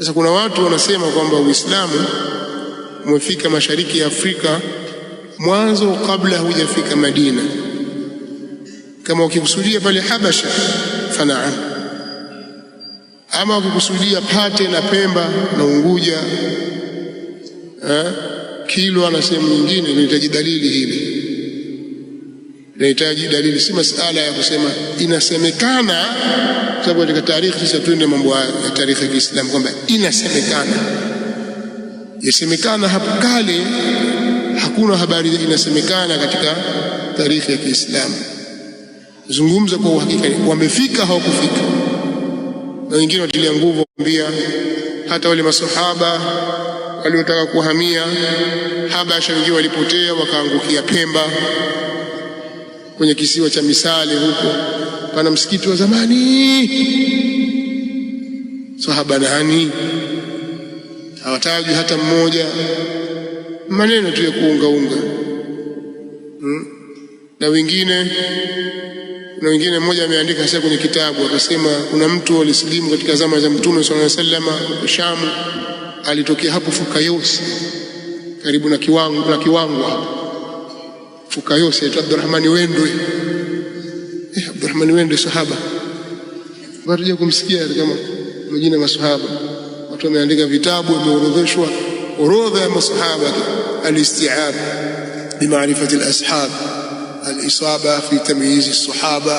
Sasa kuna watu wanasema kwamba Uislamu umefika mashariki ya Afrika mwanzo kabla hujafika Madina. Kama ukikusudia pale Habasha fanaa, ama ukikusudia Pate na Pemba na Unguja eh, Kilwa na sehemu nyingine, inahitaji dalili hili, inahitaji dalili, si masala ya kusema inasemekana sababu katika tarikhi sisi tuende mambo ya tarikhi ya Kiislamu kwamba inasemekana, yasemekana hapo kale hakuna habari inasemekana katika tarikhi ya Kiislamu. Zungumza kwa uhakika, wamefika hawakufika. Na wengine watilia nguvu kuambia hata wale masahaba waliotaka kuhamia Habasha, wengine walipotea wakaangukia Pemba kwenye kisiwa cha Misale huko pana msikiti wa zamani, sahaba nani hawataji hata mmoja, maneno tu ya kuungaunga hmm? na wengine na wengine, mmoja ameandika sasa kwenye kitabu akasema, kuna mtu alisilimu katika zama za Mtume sallallahu alaihi wasallam Shamu, alitokea hapo Fukayosi karibu na kiwango na kiwango hapo fuka yose aitwa Abdurrahman Wendwe eh, Abdurrahman Wendwe sahaba, watakuja kumsikia kama majina ya masahaba. Watu wameandika vitabu, wameorodheshwa orodha ya masahaba, al-isti'ab bi ma'rifati al-ashab, al-isaba fi tamyiz as-sahaba,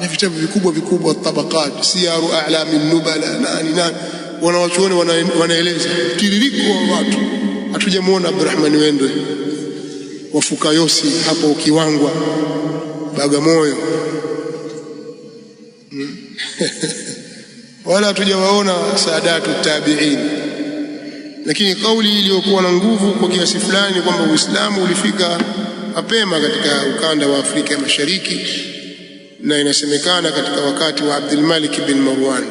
na vitabu vikubwa vikubwa, tabaqat, siyaru ala min nubala nani nani, wanawachuoni wanaeleza tiririko wa watu. Hatujamuona Abdurrahman Wendwe wa Fukayosi hapo Ukiwangwa, Bagamoyo hmm. wala hatujawaona saadatu tabiin, lakini kauli iliyokuwa na nguvu kwa kiasi fulani ni kwamba Uislamu ulifika mapema katika ukanda wa Afrika ya Mashariki, na inasemekana katika wakati wa abdul malik bin Marwan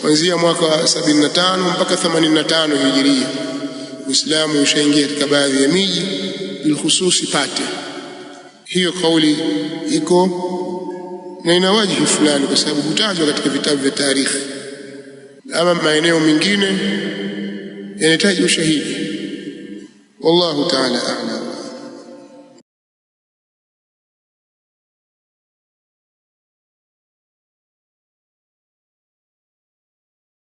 kuanzia mwaka 75 mpaka 85 hijiria, Uislamu ushaingia katika baadhi ya miji bilkhusus pate hiyo kauli iko na ina fulani, kwa sababu hutajwa katika vitabu vya tarikhi ama maeneo mengine yanahitaji ushahidi. Wallahu taala a'lam.